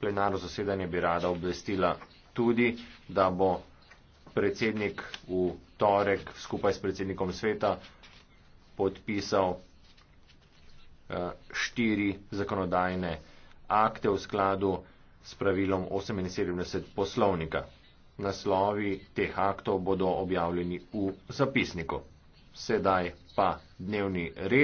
plenarno zasedanje bi rada obvestila tudi, da bo predsednik v torek skupaj s predsednikom sveta podpisal eh, štiri zakonodajne akte v skladu s pravilom 78 poslovnika. Naslovi teh aktov bodo objavljeni v zapisniku. Sedaj pa dnevni red.